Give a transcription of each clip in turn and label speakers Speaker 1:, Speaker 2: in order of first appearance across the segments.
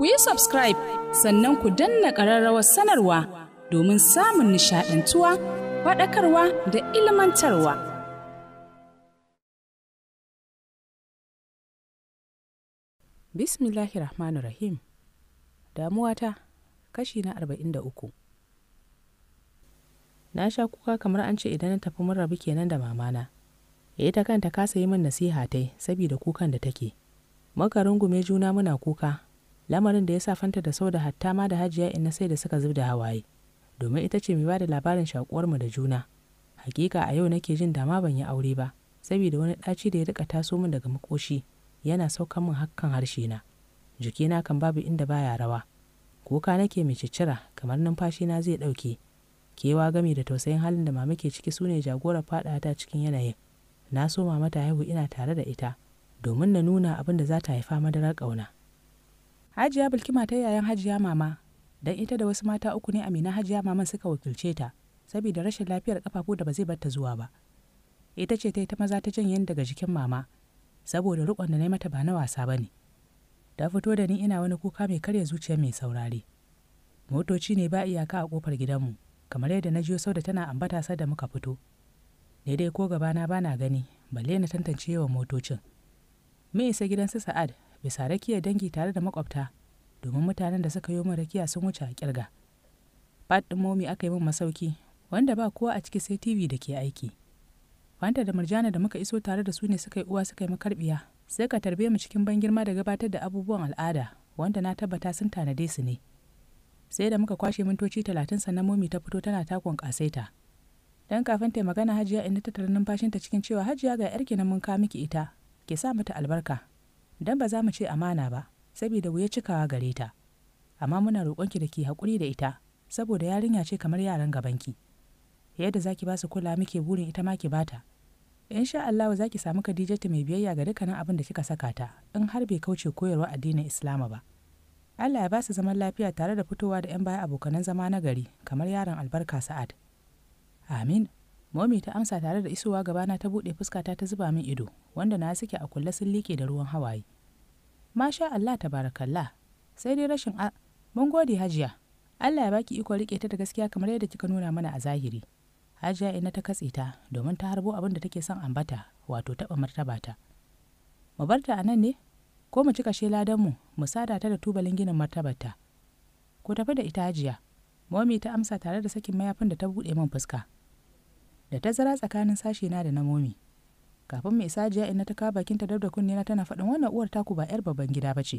Speaker 1: ku yi subscribe sannan ku danna ƙararrawar sanarwa domin samun nishaɗantuwa faɗakarwa da ilmantarwa. Bismillahi Rahmanu Rahim Damuwata kashi na arba'in da uku. Na sha kuka kamar an ce idan na tafi mun rabu kenan da mamana. Ya eh, ta kanta kasa yi min nasiha tai saboda kukan da take. Muka rungume juna muna kuka lamarin da ya sa fanta da sauda hatta ma da hajiya na sai da suka zub da hawaye domin ita ce mai ba da labarin shakuwarmu da juna hakika a yau nake jin dama ban yi aure ba saboda wani ɗaci da ya rika taso min daga makoshi yana saukan min hakkan harshe na jikina kan babu inda baya rawa kuka nake mai ciccira kamar numfashi na zai ɗauke kewa gami da tausayin halin da mama ke ciki sune jagorar faɗa ta cikin yanayin na so mama ta haihu ina tare da ita domin na nuna abin da za ta haifa madarar ƙauna hajiya bilkima ta yayan hajiya mama don ita da wasu mata uku ne amina hajiya maman suka wakilce ta saboda rashin lafiyar kafafu da ba zai barta zuwa ba ita ce ta yi ta maza ta janyen daga jikin mama saboda rukon da na mata ba na wasa ba ne ta fito da ni ina wani kuka mai karya zuciya mai saurare motoci ne ba iyaka a kofar gidanmu kamar yadda na jiyo sau da tana ambata sa da muka fito ne dai ko gabana ba na gani balle na tantance yawan motocin mun isa gidan su sa'ad bisa rakiyar dangi tare da makwabta domin mutanen da suka yi min rakiya sun wuce a kirga fat ɗin momi aka yi min masauki wanda ba kowa a ciki sai tv da ke aiki fanta da murjana da muka iso tare da su ne suka yi uwa suka yi makarbiya sai ka tarbe mu cikin ban girma da gabatar da abubuwan al'ada wanda na tabbata sun tanade su ne sai da muka kwashe mintoci talatin sannan momi ta fito tana takon kasaita dan kafin ta magana hajiya inda ta tara numfashinta cikin cewa hajiya ga yarki nan mun ka miki ita ke sa mata albarka don ba za mu ce amana ba saboda wuya cikawa gare ta amma muna roƙonki da ke haƙuri da ita saboda yarinya ce kamar yaran gabanki yadda za ki ba su kula muke burin ita ma ki bata in sha Allah za ki samu Khadijatu mai biyayya ga dukkanin abin da kika saka ta in har bai kauce koyarwa addinin Islama ba Allah ya ba su zaman lafiya tare da fitowa da 'yan baya abokanan zama na gari kamar yaron albarka Sa'ad amin Momi ta amsa tare da isowa gabana ta buɗe fuskata ta zuba min ido, wanda na suke a kulle sun liƙe da ruwan hawaye. Masha Allah tabarakallah, sai dai rashin a mun gode hajiya. Allah ya baki iko riƙe ta da gaskiya kamar yadda kika nuna mana a zahiri. Hajiya ina ta katse ta domin ta harbo abin da take son ambata, wato taɓa martabata. Mu barta a nan ne, ko mu cika sheladan mu sada ta da tubalin ginin martabarta. Ku tafi da ita hajiya. Momi ta amsa tare da sakin mayafin da ta buɗe min fuska. da tazara tsakanin na da na momi kafin mai sajiya ina ta kawo bakinta dab da kunnena tana faɗin wannan uwar taku ba 'yar babban gida ba ce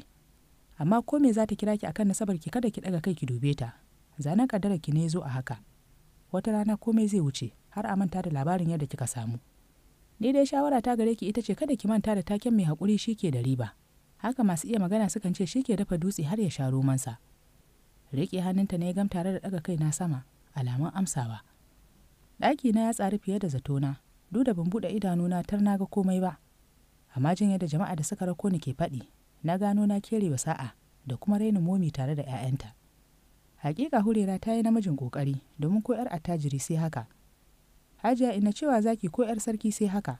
Speaker 1: amma ko me za ta kira ki akan nasabar ki kada ki daga kai ki dube ta zanen kaddara ki ne zo a haka wata rana komai zai wuce har a manta da labarin yadda kika samu ni dai shawara ta gare ki ita ce kada ki manta da taken mai haƙuri ke da riba haka masu iya magana sukan ce shi ke dafa dutse har ya sha romansa riƙe hannunta ne gam tare da ɗaga kai na sama alamun amsawa ɗakina ya tsari fiye da zatona duk da ban buɗe idanuna tar na ga komai ba amma jin yadda jama'a da suka rako ni ke faɗi na gano na kere wa sa'a da kuma rainin momi tare da 'ya'yanta hakika hurera ta yi namijin ƙoƙari domin ko 'yar attajiri sai haka hajiya ina cewa zaki ko 'yar sarki sai haka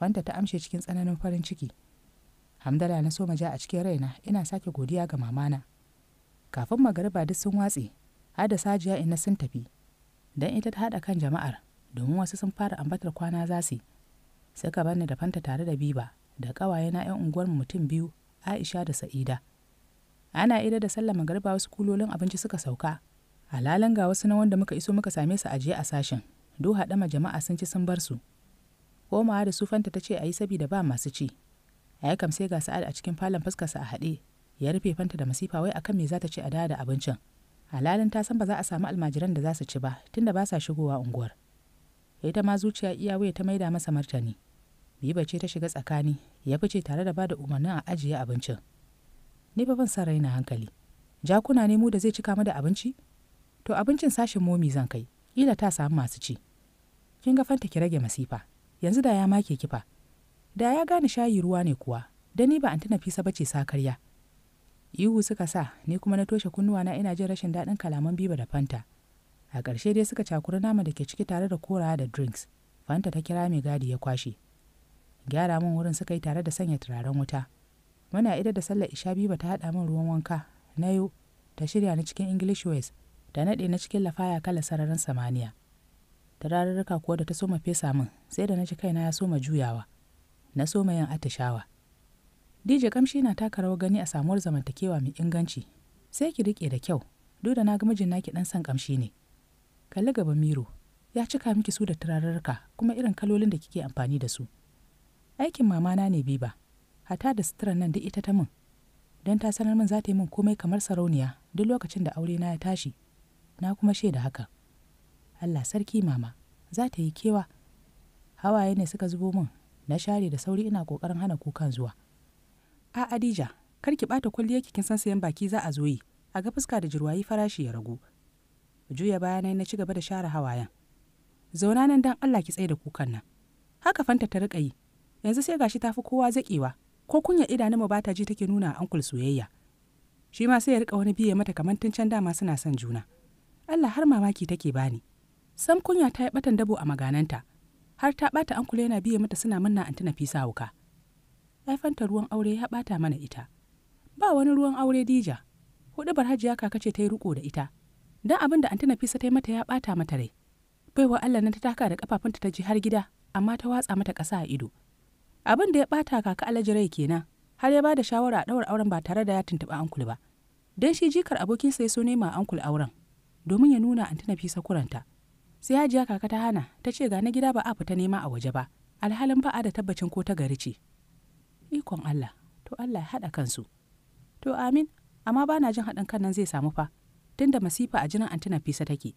Speaker 1: fanta ta amshe cikin tsananin farin ciki hamdala na so ja a cikin raina ina sake godiya ga mamana kafin magariba duk sun watse har da sajiya ina sun tafi don ita ta haɗa kan jama'ar domin wasu sun fara ambatar kwana za su ka bani da fanta tare da biba da ƙawaye na 'yan unguwar mutum biyu aisha da sa'ida ana ida da sallama Garba wasu kulolin abinci suka sauka alalan ga wasu na wanda muka iso muka same su ajiye a sashen do haɗama jama'a sun ci sun bar su komawa da su fanta ta ce a yi sabida ba masu ci a kam sai ga sa'ad a cikin falon fuskarsa a haɗe ya rufe fanta da masifa wai akan me za ta ce a da abincin alalin ta san ba za a samu almajiran da za su ci ba tunda ba sa shigowa unguwar ita ma zuciya iya waya ta maida masa martani biba ce ta shiga tsakani ya fice tare da bada umarnin a ajiye abincin ni fa ban sarai raina hankali jakuna ne mu da zai cika mu da abinci to abincin sashin momi zan kai Ila ta samu masu ci kin ga fanta ki rage masifa yanzu da ya make kifa da ya gane shayi ruwa ne kuwa da ni ba antina fisa bace sakarya ihu suka sa ni kuma na toshe kunnuwana ina jin rashin daɗin kalaman biba da fanta a ƙarshe dai suka cakuri nama da ke ciki tare da korawa da drinks fanta ta kira mai gadi ya kwashe gyara min wurin suka yi tare da sanya turaren wuta muna ida da sallar isha biba ta haɗa min ruwan wanka na yau ta shirya ni cikin english west da naɗe na cikin lafaya kala sararin samaniya turarurruka kuwa da ta soma fesa min sai da na ji kaina ya soma juyawa na soma yin atishawa DJ kamshi na taka rawar gani a samuwar zamantakewa mai inganci. Sai ki rike da kyau, duk da na ga mijin naki dan san kamshi ne. Kalli gaba Miro, ya cika miki su da turarurruka kuma irin kalolin da kike amfani da su. Aikin mamana ne Biba, hata da sutura nan duk ita ta min. Don ta sanar min za ta yi min komai kamar sarauniya duk lokacin da aure na ya tashi. Na kuma shaida haka. Allah sarki mama, za ta yi kewa. Hawaye ne suka zubo min, na share da sauri ina kokarin hana kukan zuwa. a adija kar ki bata kwalliya kin san sayan baki za a zo yi a ga fuska da jirwayi farashi ya ragu juya bayanai na ci gaba da share hawayen zauna nan dan allah ki tsaye da kukan nan haka fanta ta rika yi yanzu sai gashi tafi kowa zakewa ko kunya idanu mu bata ji take nuna ankul soyayya shi ma sai ya rika wani biya mata kamar tun can dama suna son juna allah har mamaki take bani sam kunya ta yi batan dabo a magananta har ta bata ankul yana biye mata suna manna antina fisa wuka haifanta ruwan aure ya bata mana ita ba wani ruwan aure dija hudu barhajiya kaka ce ta yi riko da ita dan abin da antina fisa ta yi mata ya bata mata rai baiwa allah nan ta taka da kafafunta ta ji har gida amma ta watsa mata ƙasa a ido abin da ya ɓata kaka alaji rai kenan har ya ba da shawara a daura auren ba tare da ya tuntuɓi ankul ba don shi jikar abokinsa ya so nema ankul auren domin ya nuna antina fisa kuranta sai hajiya kaka ta hana ta ce ga na gida ba a fita nema a waje ba alhalin ba da tabbacin ko ta gari ce ikon Allah to Allah ya haɗa kansu to amin amma ba na jin haɗin kan nan zai samu fa Tun da masifa a jinin antina fisa take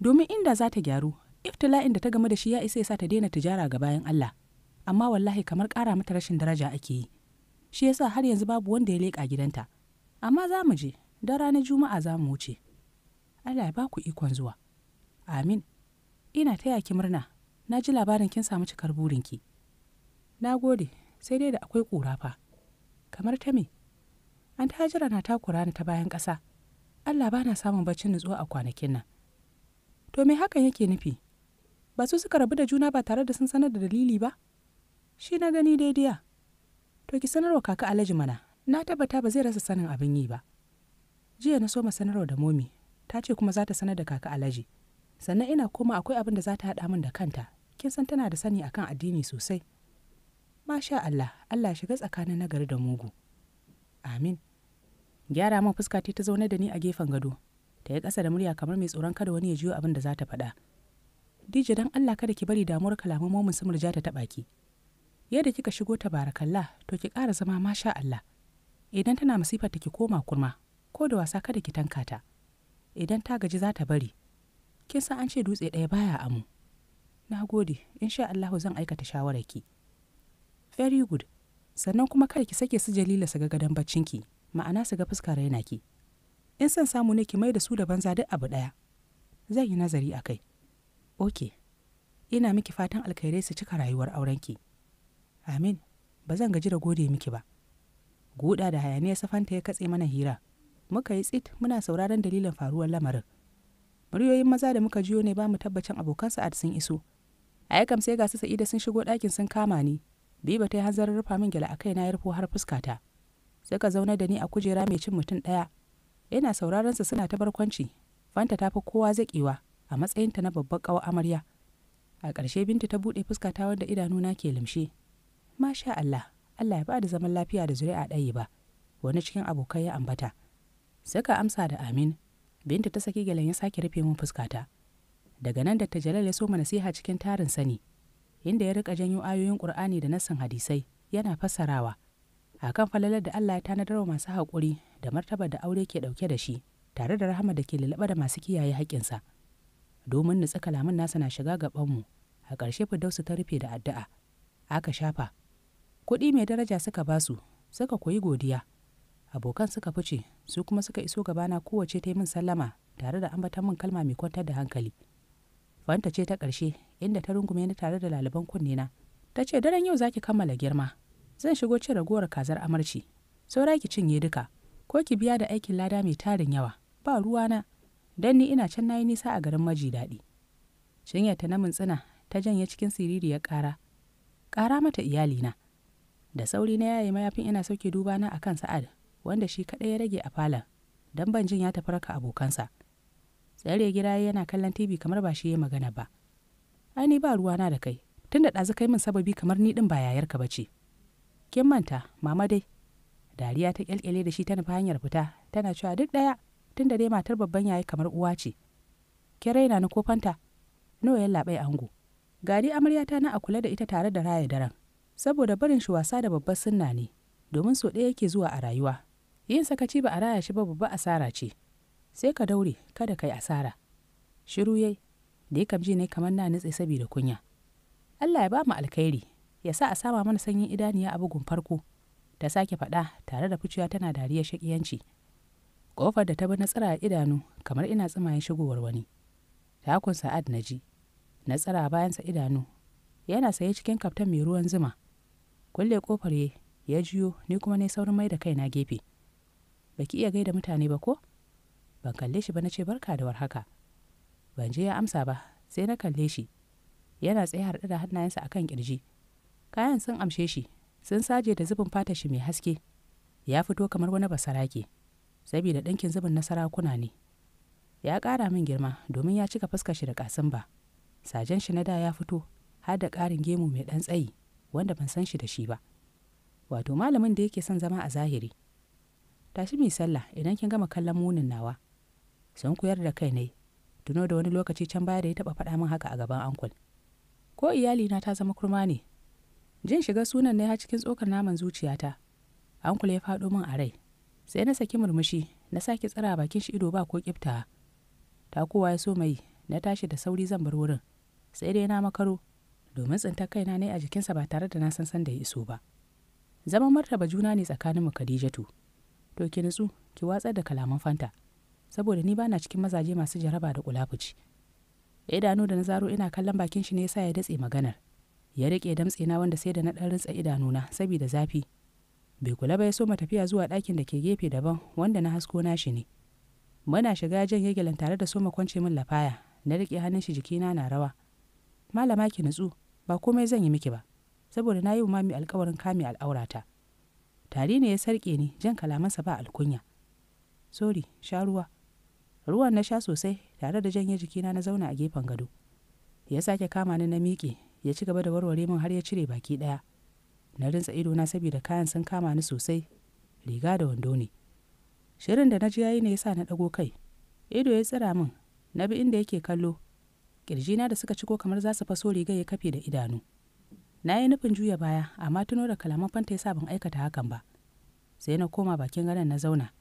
Speaker 1: domin inda za ta gyaru iftila'in da ta game da shi ya isa ya sa ta daina tijara ga bayan Allah amma wallahi kamar ƙara mata rashin daraja ake yi shi ya sa har yanzu babu wanda ya leƙa gidanta amma za mu je don ranar juma'a za mu wuce Allah ya ba ikon zuwa amin ina taya ki murna na ji labarin kin samu cikar burinki na gode sai dai da akwai ƙura fa kamar ta me an ta hajira na ta ni ta bayan ƙasa allah ba na samun baccin nutsuwa a kwanakin nan to me hakan yake nufi ba su suka rabu da juna ba tare da sun sanar da dalili ba shi na gani daidaiya to ki sanarwa kaka alhaji mana na tabbata ba zai rasa sanin abin yi ba jiya na so ma sanarwa da momi ta ce kuma za ta sanar da kaka alhaji sannan ina koma akwai abin da za ta haɗa min da kanta kin san tana da sani akan addini sosai Masha Allah, Allah shiga tsakanin nagari da mugu. Amin. Gyara ma fuska ta ta zaune da ni a gefen gado, ta yi ƙasa da murya kamar mai tsoron kada wani ya jiyo abin da za ta faɗa. Dije dan Allah kada ki bari damuwar kalaman momin su murja ta taɓa ki. Yadda kika shigo ta barakalla, to ki ƙara zama masha Allah. Idan tana masifar ta ki koma kurma, ko da wasa kada ki tanka ta. Idan ta gaji za ta bari. Kin san an ce dutse ɗaya baya amu. Na gode, insha Allahu zan aikata shawararki. ki. very good sannan kuma kada ki sake su jalila su ga gadon baccinki ma'ana su ga fuskar raina ki in san samu ne ki mai da su da banza duk abu ɗaya zan yi nazari a kai ok ina miki fatan alkhairai su cika rayuwar aurenki amin ba zan gaji da gode miki ba guda da hayaniya safanta ya katse mana hira muka yi tsit muna sauraron dalilin faruwar lamarin muryoyin maza da muka jiyo ne ba mu tabbacin abokan sa'ad sun iso a yakam sai ga sa'ida sun shigo ɗakin sun kama ni Biba ta yi hanzarin rufa min gyala a kaina ya rufo har fuskata. ka zauna da ni a kujera mai cin mutum ɗaya. Ina sauraron su suna ta barkwanci. Fanta ta fi kowa zaƙewa a matsayinta na babbar ƙawar amarya. A ƙarshe Binta ta buɗe fuskata wanda idanuna ke limshe. Masha Allah, Allah ya ba da zaman lafiya da zuri'a ɗaya ba. Wani cikin abokai ya ambata. Saka amsa da amin. Binta ta saki gyalen ya sake rufe min fuskata. Daga nan da ta Jalal ya so ma nasiha cikin tarin sani. inda ya rika janyo ayoyin Ƙur'ani da san hadisai yana fassarawa akan falalar da Allah ya tanadar wa masu haƙuri da martaba da aure ke ɗauke da shi tare da rahama da ke lalaba da masu kiyaye haƙƙinsa domin nutsi kalaman nasa na shiga gabanmu a ƙarshe Firdausu ta rufe da addu'a aka shafa kuɗi mai daraja suka basu suka koyi godiya abokan suka fice su kuma suka iso gabana kowace ta yi min sallama tare da ambatan min kalma mai kwantar da hankali. Wanta ce ta ƙarshe inda ta rungume ni tare da laliban kunnena. Ta ce daren yau zaki kammala girma. Zan shigo cin ragowar kazar amarci. Saura ki cinye duka. Ko ki biya da aikin lada mai tarin yawa. Ba ruwana. Dan ni ina can nayi nisa a garin maji daɗi. ta na mintsina ta janye cikin siririyar ƙara. Ƙara mata iyalina. Da sauri na yaye mayafin ina sauke dubana a kan Sa'ad, wanda shi kaɗai ya rage a falon, dan ban jin ya tafi raka abokansa. tsayar gira yana kallon tv kamar ba shi ya magana ba ai ni ba ruwana da kai tun da ɗazu kai min sababi kamar ni ɗin ba yayarka ba ce kin manta mama dai dariya ta kyalkyale da shi ta nufi hanyar fita tana cewa duk ɗaya tun da dai matar babban yayi kamar uwa ce ki raina ni ko fanta nawa ya labai ango gari amaryata na a kula da ita tare da raya daren saboda barin shi wasa da babbar sunna ne domin so ɗaya yake zuwa a rayuwa yin sakaci ba a raya shi ba babba asara ce sai ka daure kada ka yi asara shiru yai da ya kamji ne kamar na nutse saboda kunya allah ya ba mu alkhairi ya sa a sama mana sanyin idaniya a bugun farko ta sake faɗa tare da fuciya tana dariyar shakiyanci ƙofar da ta bi na a idanu kamar ina tsimayen shigowar wani ta takun sa'ad na ji na tsira bayansa idanu yana saye cikin kaftan mai ruwan zuma kulle ƙofar ya jiyo ni kuma ne saurin mai da na gefe baki iya gaida mutane ba ko ban kalle shi ba na ce barka da warhaka ban je ya amsa ba sai na kalle shi yana tsaye harɗe da hannayensa akan kirji kayan sun amshe shi sun saje da zubin fatar shi mai haske ya fito kamar wani basarake saboda ɗinkin zubin na sarakuna ne ya ƙara min girma domin ya cika fuskar shi da ƙasin ba sajen shi na da ya fito har da ƙarin gemu mai ɗan tsayi wanda ban san shi da shi ba wato malamin da yake son zama a zahiri tashi mai sallah idan kin gama kallon munin nawa sun koyar da kai ne tuno da wani lokaci can baya da ya taɓa faɗa min haka a gaban ankul ko iyalina ta zama kurma ne jin shiga sunan ne har cikin tsokar naman zuciyata ankul ya faɗo min a rai sai na saki murmushi na sake tsara bakin shi ido ba ko kifta kowa ya so mai na tashi da sauri zan bar wurin sai dai na makaro domin tsinta kaina ne a jikinsa ba tare da na san san da ya iso ba zaman martaba juna ne tsakaninmu khadijatu to ki nutsu ki watsar da kalaman fanta saboda ni bana cikin mazaje masu jaraba da kulafuci ya idanu da na zaro ina kallon bakin shi ne yasa ya datse maganar ya rike damtse na wanda sai da na dan rintsa na, saboda zafi bai kula ba ya so tafiya zuwa dakin da ke gefe daban wanda na hasko na shi ne muna shiga jan yagilan tare da so kwance min lafaya na rike hannun shi jikina na rawa malama ki nutsu ba komai zan yi miki ba saboda na yi wa mami alkawarin kame al'aurata tari ne ya sarke ni jan kalamansa ba alkunya sori sha ruwa ruwan na sha sosai tare da janye jikina na zauna a gefen gado ya sake kama ni na miƙe ya ci gaba da warware min har ya cire baki ɗaya na ido na saboda kayan sun kama ni sosai riga da wando ne shirin da na ji yayi ne yasa na ɗago kai ido ya tsira min na bi inda yake kallo ƙirjina da suka ciko kamar za su faso rigar ya kafe da idanu na yi nufin juya baya amma tuno da kalaman fanta yasa ban aikata hakan ba sai na koma bakin ganin na zauna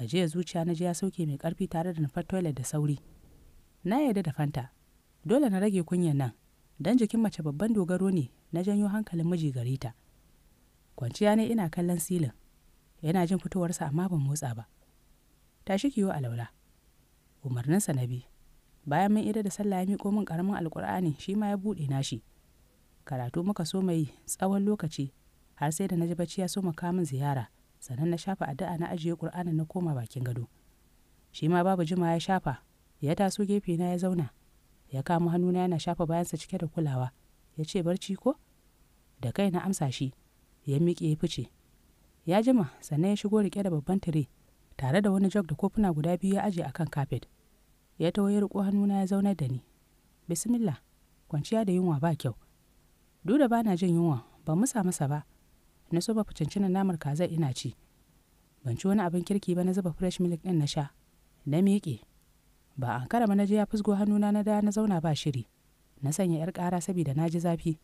Speaker 1: A jiya, zuciya na ji ya sauke mai karfi tare da nufar toilet da sauri na yarda da fanta dole na rage kunyan nan don jikin mace babban dogaro ne na janyo hankalin miji gare ta kwanciya ne ina kallon silin yana jin fitowarsa amma ban motsa ba tashi kiyo Laula. umarninsa na bi bayan mun ida da sallah ya miƙo min ƙaramin alkur'ani shi ma ya buɗe nashi karatu muka so mai tsawon lokaci har sai da na ji bacci ya so mu kamun ziyara sannan na shafa addu'a na ajiye ƙur'anin na koma bakin gado shi ma babu jima ya shafa ya taso gefe na ya zauna ya kama hannuna yana shafa bayansa cike da kulawa ya ce barci ko da kai na amsa shi ya miƙe ya fice ya jima sannan ya shigo riƙe da babban tire tare da wani jog da kofuna guda biyu ya aje akan kafet ya tawo ya riƙo hannuna ya zaunar da ni bismillah kwanciya da yunwa ba kyau duk da na jin yunwa ban musa masa ba na zuba ficincinan namar kaza ina ci ban ci wani abin kirki ba na zuba fresh milk ɗin na sha na miƙe ba an kara na je ya fusgo hannuna na da na zauna ba shiri na sanya yar ƙara saboda na ji zafi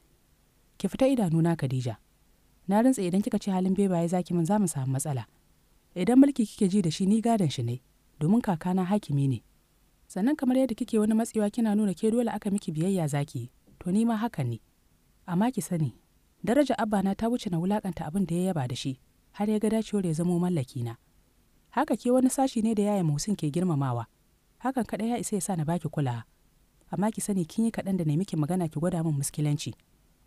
Speaker 1: ki fita idanuna Khadija na rintse idan kika ci halin bebaye zaki min za mu samu matsala idan mulki kike ji da shi ni gadon shi ne domin kakana hakimi ne sannan kamar yadda kike wani matsiwa kina nuna ke dole aka miki biyayya zaki to ni ma haka ne amma ki sani daraja Abba na ta wuce na wulakanta abin da ya yaba da shi har ya ga dacewar ya zamo mallaki na haka ke wani sashi ne da yaya musin ke girmamawa hakan kaɗai ya isa ya sa na baki kulawa amma ki sani kin yi kaɗan da na miki magana ki gwada min muskilanci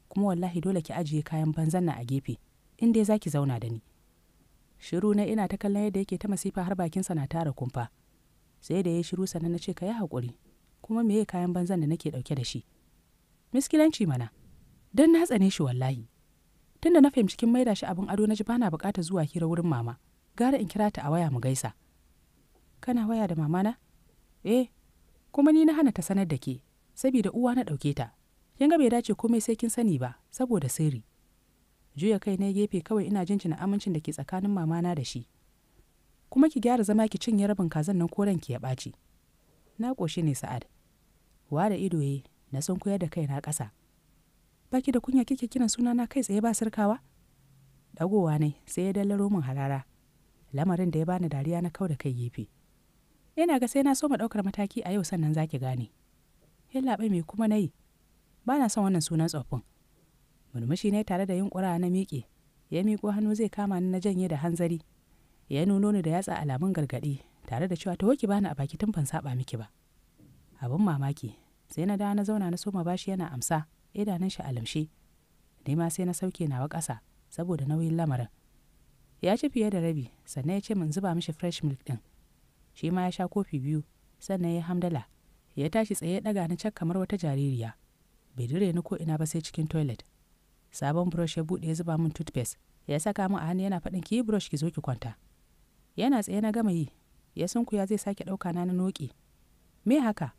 Speaker 1: kuma wallahi dole ki ajiye kayan banzan na a gefe in dai zaki zauna da ni shiru na ina ta kallon yadda yake ta masifa har bakinsa na tara kumfa sai da ya shiru sannan na ce ka yi haƙuri kuma meye kayan banzan da nake ɗauke da shi miskilanci mana don na tsane shi wallahi tunda na fahimci kin maida shi abin ado na ji bana bukata zuwa hira wurin mama gara in kira ta a waya mu gaisa kana waya da mama na eh kuma ni na hana ta sanar da ke saboda uwa na ɗauke ta kin ga bai dace komai sai kin sani ba saboda sirri juya kai na gefe kawai ina jin na amincin da ke tsakanin mamana da shi kuma ki gyara zama ki cinye rabin kazan nan koren ki ya ɓaci na ƙoshi ne sa'ad wa da ido na sun koyar da na ƙasa baki da kunya kike kiran sunana kai tsaye ba sirkawa dagowa ne sai ya dallaro min harara lamarin da ya bani dariya na kau da kai gefe ina ga sai na so mu ɗaukar mataki a yau sannan zaki ki gane yallaɓai me kuma na yi ba na son wannan sunan tsoffin murmushi ne tare da yin kura na miƙe ya miƙo hannu zai kama ni na janye da hanzari ya nuno ni da yatsa alamun gargaɗi tare da cewa ta ki bani a baki tun ban saba miki ba abin mamaki sai na dawo na zauna na soma bashi yana amsa idanun shi alamshe ni ma sai na sauke nawa ƙasa saboda nauyin lamarin ya ci fiye da rabi sannan ya ce min zuba mishi fresh milk ɗin shi ma ya sha kofi biyu sannan ya hamdala ya tashi tsaye ya ɗaga ni cak kamar wata jaririya bai dire ni ko ina ba sai cikin toilet sabon brush ya buɗe ya zuba min toothpaste ya saka min a hannu yana faɗin ki brush ki zo ki kwanta yana tsaye na gama yi ya ya zai sake ɗauka na na noƙi me haka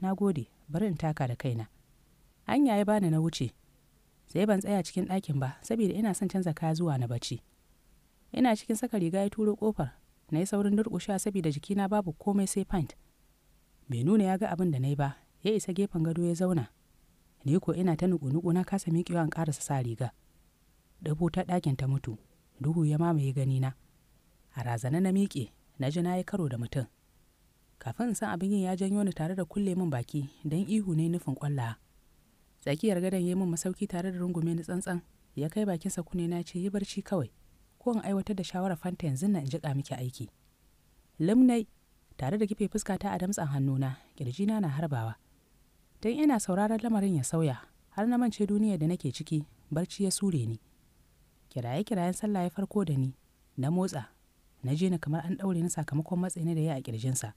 Speaker 1: na gode bari in taka da kaina hanya ya bani na wuce sai ban tsaya cikin ɗakin ba saboda ina son canza kaya zuwa na bacci ina cikin saka riga ya turo kofar na yi saurin durƙusha saboda jikina babu komai sai pint bai nuna ya ga abin da na yi ba ya isa gefen gado ya zauna ni ko ina ta nuku-nuku na kasa miƙewa an ƙarasa sa riga dubu ta ɗakin ta mutu duhu ya mamaye ganina a razana na miƙe na ji na yi karo da mutum kafin in san abin yin ya janyo ni tare da kulle min baki don ihu ne nufin ƙwallawa. tsakiyar gadon ya yi min masauki tare da rungume ni tsantsan ya kai bakinsa kune na ce yi barci kawai ko in aiwatar da shawarar fanta yanzu na in jiƙa miki aiki limnai tare da kife fuska ta a damtsan hannuna kirjina na na harbawa don ina sauraron lamarin ya sauya har na mance duniyar da nake ciki barci ya sure ni kiraye-kirayen sallah ya farko da ni na motsa na je ni kamar an daure ni sakamakon matsayi da ya a kirjinsa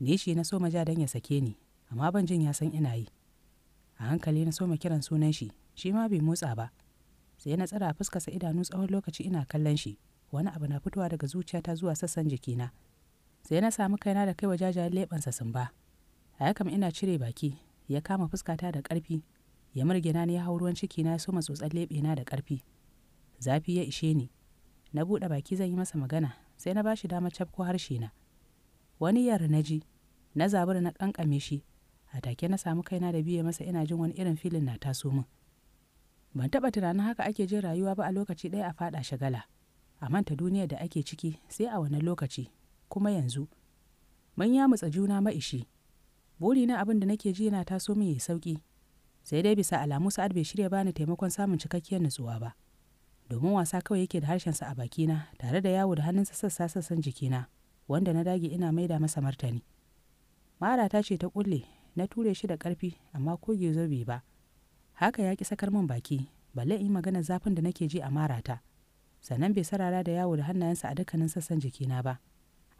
Speaker 1: nishi na so maja don ya sake ni amma ban jin ya san ina yi a hankali na soma kiran sunan shi shi ma bai motsa ba sai na tsara fuskarsa idanu tsawon lokaci ina kallon shi wani abu na fitowa daga zuciyata zuwa sassan jikina sai na samu kaina da wa jajayen leɓensa sun ba a yakan ina cire baki ya kama fuskata da ƙarfi ya murgina ni ya hau ruwan cikina ya soma tsotsar leɓena da ƙarfi zafi ya ishe ni na buɗe baki zan yi masa magana sai na ba shi damar cafko harshe na wani yar na ji na zabura na ƙanƙame shi a take na samu kaina da biye masa ina jin wani irin filin na taso min ban taɓa tunanin haka ake jin rayuwa ba a lokaci ɗaya a faɗa shagala a manta duniyar da ake ciki sai a wani lokaci kuma yanzu mun ya mutsa juna ma'ishi buri na abin da nake ji yana taso min ya yi sauki sai dai bisa alamu sa'ad bai shirya bani taimakon samun cikakkiyar nutsuwa ba domin wasa kawai yake da harshensa a bakina tare da yawo da hannunsa sassa sassan jikina wanda na dage ina maida masa martani mara ta ce ta kulle na ture shi da ƙarfi amma ko gezo bai ba haka ya ƙi sakar min baki balle in magana zafin da nake ji a marata sannan bai sarara da yawo da hannayensa a dukkanin sassan jikina ba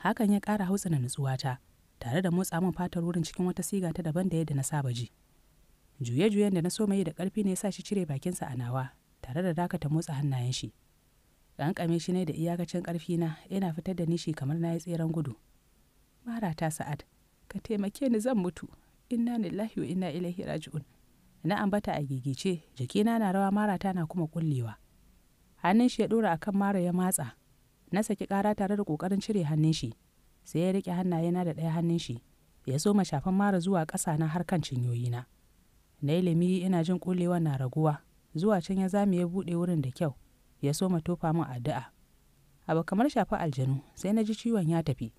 Speaker 1: hakan ya ƙara hautsina nutsuwata tare da motsa min fatar wurin cikin wata siga ta daban da yadda na saba ji juye-juyen da na so yi da ƙarfi ne ya sa shi cire bakinsa a nawa tare da dakata motsa hannayen shi kankame shi ne da iyakacin ƙarfina yana fitar da nishi kamar na yi tseren gudu mara ta sa'ad ka taimake ni zan mutu inna lillahi wa inna ilaihi raji'un na ambata a gigice jikina na rawa marata na kuma kullewa hannun shi ya dora akan mara ya matsa na saki kara tare da kokarin cire hannun shi sai ya rike na da ɗaya hannun shi ya so ma shafan mara zuwa ƙasa na har kan cinyoyi na na ilimi ina jin kullewa na raguwa zuwa can ya zame ya buɗe wurin da kyau ya so ma tofa min addu'a abu kamar shafa aljanu sai na ji ciwon ya tafi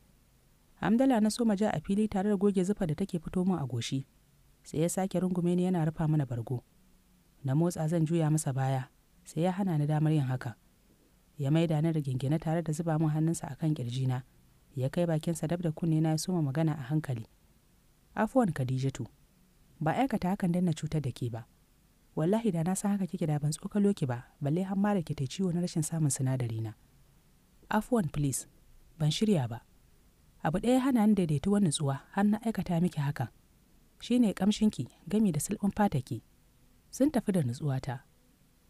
Speaker 1: Amdala na so ja a fili tare da goge zufa da take fito min a goshi. Sai ya sake rungume ni yana rufa mana bargo. Na motsa zan juya masa baya, sai ya hana ni damar yin haka. Ya mai da ni da gingina tare da zuba min hannunsa a kan na Ya kai bakinsa dab da kunne na ya soma magana a hankali. Afuwan Khadijatu, ba aikata hakan dan na cutar da ke ba. Wallahi da na san haka kike da ban tsokalo ki ba, balle har ma da ke ta ciwo na rashin samun sinadari na. Afuwan please, ban shirya ba. abu ɗaya hana ni wani nutsuwa har na aikata miki hakan shine kamshinki gami da sulɓin fataki sun tafi da nutsuwata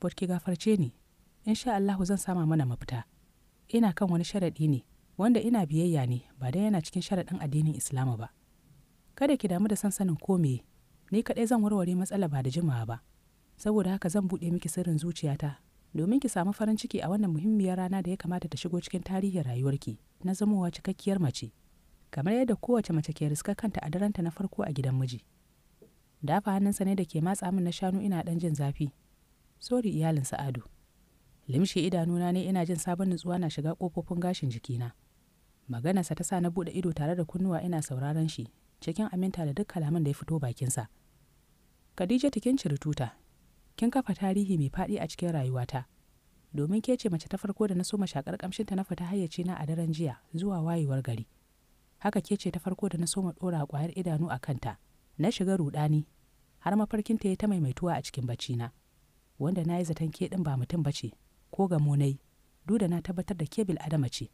Speaker 1: but ki gafarce ni in sha Allahu zan sama mana mafita ina kan wani sharaɗi ne wanda ina biyayya ne ba dan yana cikin sharaɗin addinin Islamu ba kada ki damu da sansanin ko me ni kaɗai zan warware matsala ba da jimawa ba saboda haka zan buɗe miki sirrin zuciyata domin ki samu farin ciki a wannan muhimmiyar rana da ya kamata ta shigo cikin tarihin rayuwarki na zamowa cikakkiyar mace kamar yadda kowace mace ke riska kanta a daranta na farko a gidan miji dafa hannunsa ne da ke matsa min na shanu ina dan jin zafi sori iyalin sa'adu limshe idanuna ne ina jin sabon nutsuwa na shiga kofofin gashin jikina maganarsa ta sa na bude ido tare da kunnuwa ina sauraron shi cikin aminta da duk kalaman da ya fito bakinsa khadija kin ciri tuta kin kafa tarihi mai fadi a cikin rayuwata domin ke ce mace ta farko da na so mashakar kamshinta na fita hayyace na a daren jiya zuwa wayewar gari haka ke ce ta farko da na so ma ɗora kwayar idanu a kanta na shiga ruɗani har mafarkin ta ya ta maimaituwa a cikin na wanda na yi zaton ke ba mutum bace ko ga monai duk da na tabbatar da kebil adama ce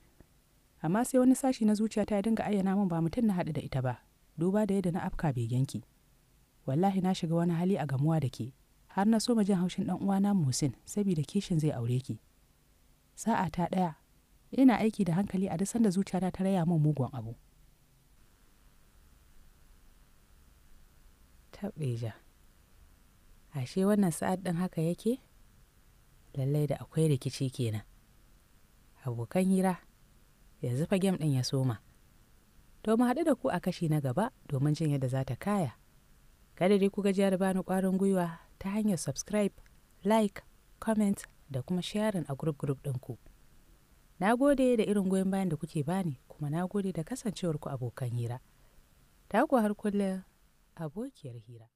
Speaker 1: amma sai wani sashi na zuciya ta ya dinga ayyana min ba mutum na haɗu da ita ba duba da yadda na afka begenki wallahi na shiga wani hali a gamuwa da ke har na so ma jin haushin ɗan uwana musin saboda kishin zai aure ki sa'a ta ɗaya ina aiki da hankali a duk sanda zuciyata ta raya min mugun abu taɓeja ashe wannan sa'ad ɗin haka yake lallai da akwai rikici kenan abokan hira yanzu fa gem ɗin ya soma to mu haɗu da ku a kashi na gaba domin jin yadda za ta kaya kada dai ku gajiya da bani ƙwarin gwiwa ta hanyar subscribe like comment da kuma sharing a group group ɗinku na gode da irin goyon bayan da kuke bani kuma na gode da kasancewarku abokan hira ta ku har kullum abokiyar hira